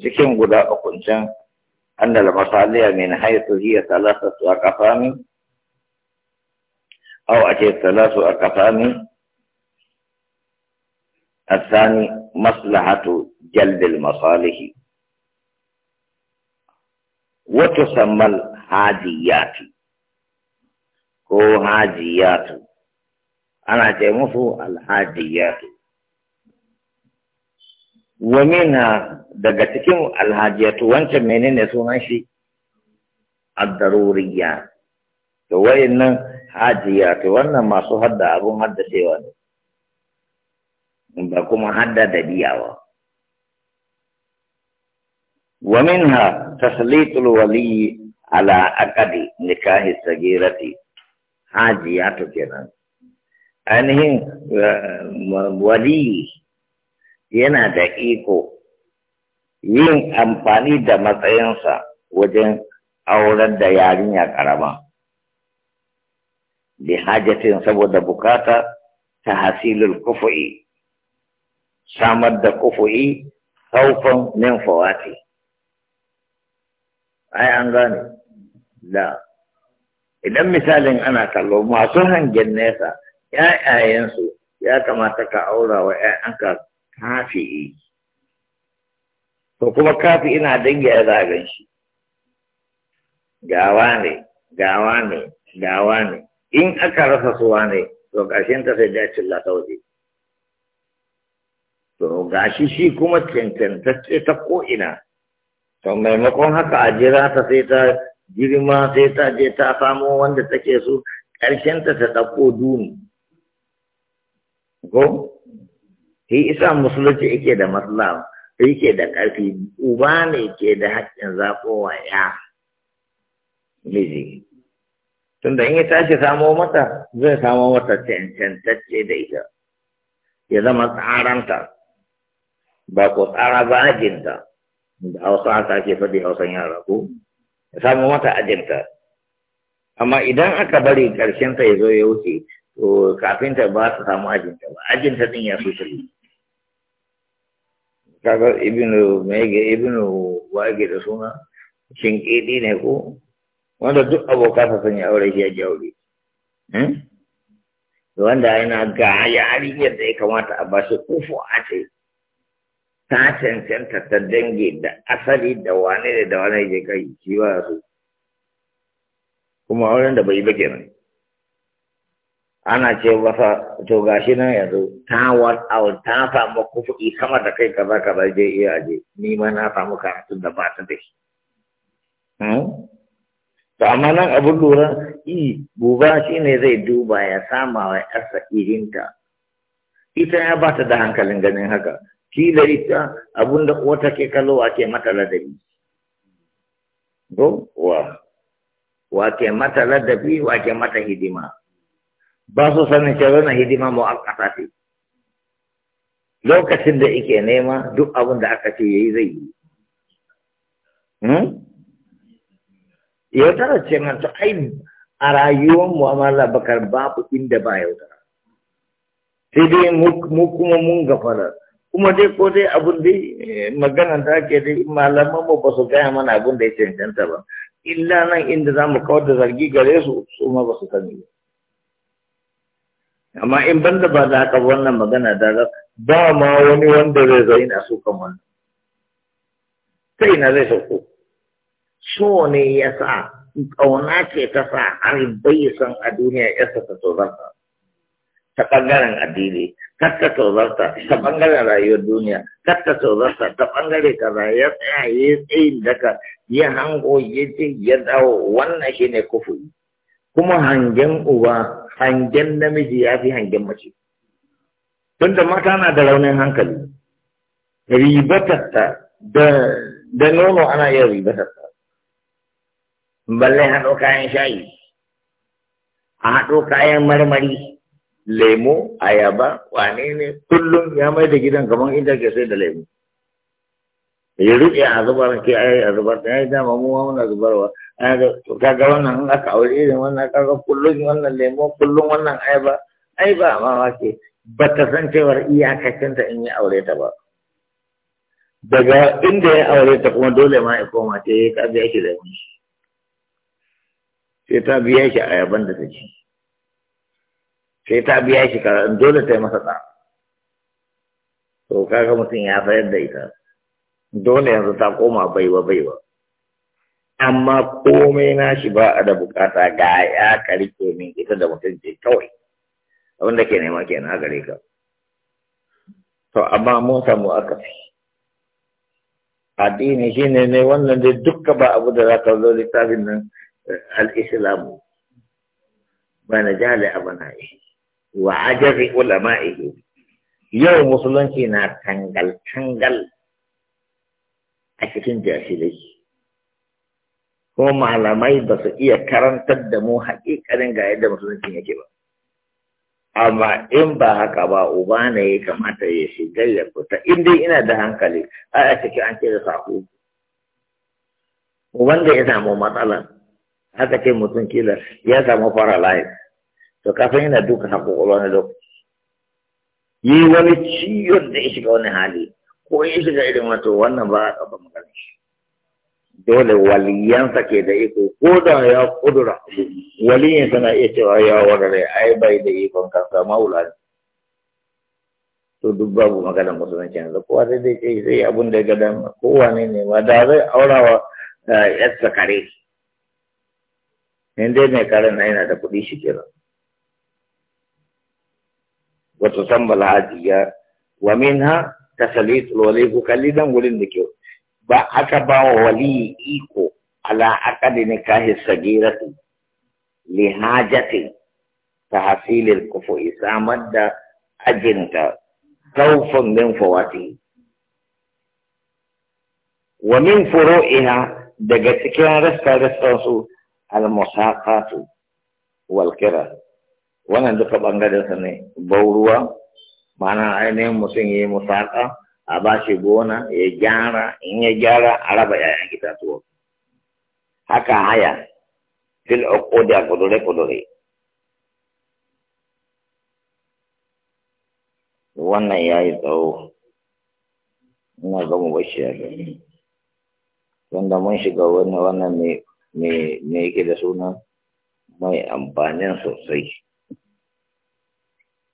cikin guda akuncin annal masaliya min haitu hiya talasatu a kafami, au a ce talasu a kafami, a sani maslahatu jalbil masalihi. Haji ya hajiyatu, ko Haji ya hajiyatu, ana ce musu Alhaji ya alhajiyatu. na daga cikin alhajiyatu wancan menene sunan shi To daruriyya nan hajiya to wannan masu hadda abun cewa ne ba kuma hadda da biyawa wa minha taslitul wali ala aqdi nikahi sagirati to kenan ainihin eh, wali yana da iko yin amfani da matsayinsa wajen aurar da yarinya karama bi hajjatin saboda bukata ta hasilul kufu'i samar da kufu'i saukon, min fawati ai an gane da idan misalin ana kallo masu hangen nesa ‘ya'yayensu ya kamata ka aura wa ‘ya'yanka kafi'i to kuma kafi ina dangi a zagan shi gawa ne gawa ne gawa ne in aka rasa suwa ne to gashin ta sai dace cilla ta waje to gashi shi kuma cancantacce ta ko'ina to maimakon haka a jira ta sai ta girma sai ta je ta samo wanda take so ƙarshen ta ta ɗauko duni ko shi isa musulunci yake da matsala yake da ƙarfi uba ne ke da haƙƙin zaɓowa ya miji tunda in ya tashi samo mata zai samo mata cancantacce da ita ya zama tsaranta ba ko tsara ba ajinta da hausa ta ke faɗi hausan yara ko ya samo mata ajinta amma idan aka bari ƙarshenta ya zo ya wuce to kafinta ta ba su samu ajinta ba ajinta ɗin ya fi kaga ibnu mege ibnu wage da suna shinkidi ne ko wanda duk abokansa sun yi aure shi ya ji hmm? wanda yana ga ya yarinyar da ya kamata a ba shi kufu a ce ta cancanta ta dange da asali da wane da wane ya kai kiwa su kuma auren da bai yi ba kenan ana ce masa to gashi nan yanzu ta wan awa ta samu kufu'i sama da kai kaza kaza je iya aje ni ma na samu karatun da ba ta da shi hmm? to amma nan abin lura i buba shi ne zai duba ya sama wa yarsa irinta ita ya bata da hankalin ganin haka kila ita abin da wata ke kalowa ke mata ladabi ko wa wa ke mata ladabi wa ke mata hidima ba su sanin cewa na hidima mu'akkata ce lokacin da yake nema duk abin da aka ce yayi zai yi hmm? yaudara ce man to ai a rayuwar mu'amala bakar babu inda ba yaudara sai dai mu kuma mun gafara kuma dai ko dai abin da eh, maganan da ake dai malaman mu ba su gaya mana abin da ya cancanta ba illa nan inda za mu kawar da zargi gare su su ma ba su sani ba amma in banda ba za ka wannan magana da ba ma wani wanda zai zo ina su kan wannan ta ina zai sauko so ne ya sa ƙauna ce ta sa har bai san a duniya yarsa ta tozarta ta ɓangaren addini kar ta tozarta ta ɓangaren rayuwar duniya kar ta tozarta ta ɓangare kaza ya tsaye ya tsayin daga ya hango ya ce ya dawo wannan shine kufuri kuma hangen uba hangen namiji ya fi hangen mace tunda mata na da raunin hankali ribatarta da nono ana iya ribatarta balle haɗo kayan shayi a haɗo kayan marmari lemo ayaba wane ne kullum ya mai da gidan kamar inda ke sai da lemo ya rufe a zubar ke ai a zubar da ai dama mu muna zubarwa ka ga wannan in aka aure irin wannan ka ga kullum wannan lemo kullum wannan ai ba ai ba ma ke ba ta san cewar iyakacinta in yi aure ta ba daga inda ya aure ta kuma dole ma ya koma ta yi ka biya shi eh, da ni sai ta biya shi a yaban da ta sai ta biya shi karatun dole ta yi masa ta to kaga mutum ya fayar da ita dole yanzu ta koma baiwa baiwa amma komai na shi ba a da bukata ga ya kari min ita da mutunci kawai abinda ke nema kenan na gare ka to amma mun samu aka fi addini shine ne wannan dai dukka ba abu da zaka zo littafin nan eh, al ba na jale yi wa ajabi ulama'i yau musulunci na tangal tangal a cikin jahilai ko malamai ba su iya karantar da mu haƙiƙanin ga yadda musulunci yake ba amma in ba haka ba uba ne ya kamata ya shiga ya fita in dai ina da hankali a cikin an ce da uban wanda ya samu matsalan haka ce mutum kila ya samu fara layi. to kafin yana duka haƙoƙo wani lokaci yi wani ciwon da ya shiga wani hali ko ya shiga irin wato wannan ba a kafa magana dole waliyansa ke da iko ko da ya kudura waliyansa na iya cewa ya warare ai bai da ikon kansa maula ne to duk babu magana musulunci yanzu kowa sai dai ce sai abin da gada kowa ne ne ma da zai aurawa wa eh, yarsa kare in dai mai karen na yana da kuɗi shi kenan wato san balahajiya wa minha tasalitul wali ku kalli dan gurin da ke. ba aka ba wa wali iko ala aqadi nikahi sagirati li hajati tahsilil kufu'i samar da ajinta khawfan min fawati wa min furu'iha daga cikin rasta-rastan su al-musaqatu wal kira wannan duka bangaren sa ne bauruwa mana ainihin mutum ya yi musaka a ba shi gona ya gyara in ya gyara a raba yayan itatuwa haka haya fil uqudi kudure kudure wannan yayi tsawo ina ga mu bashi ya wanda mun shiga wannan wannan me yake da suna mai amfanin sosai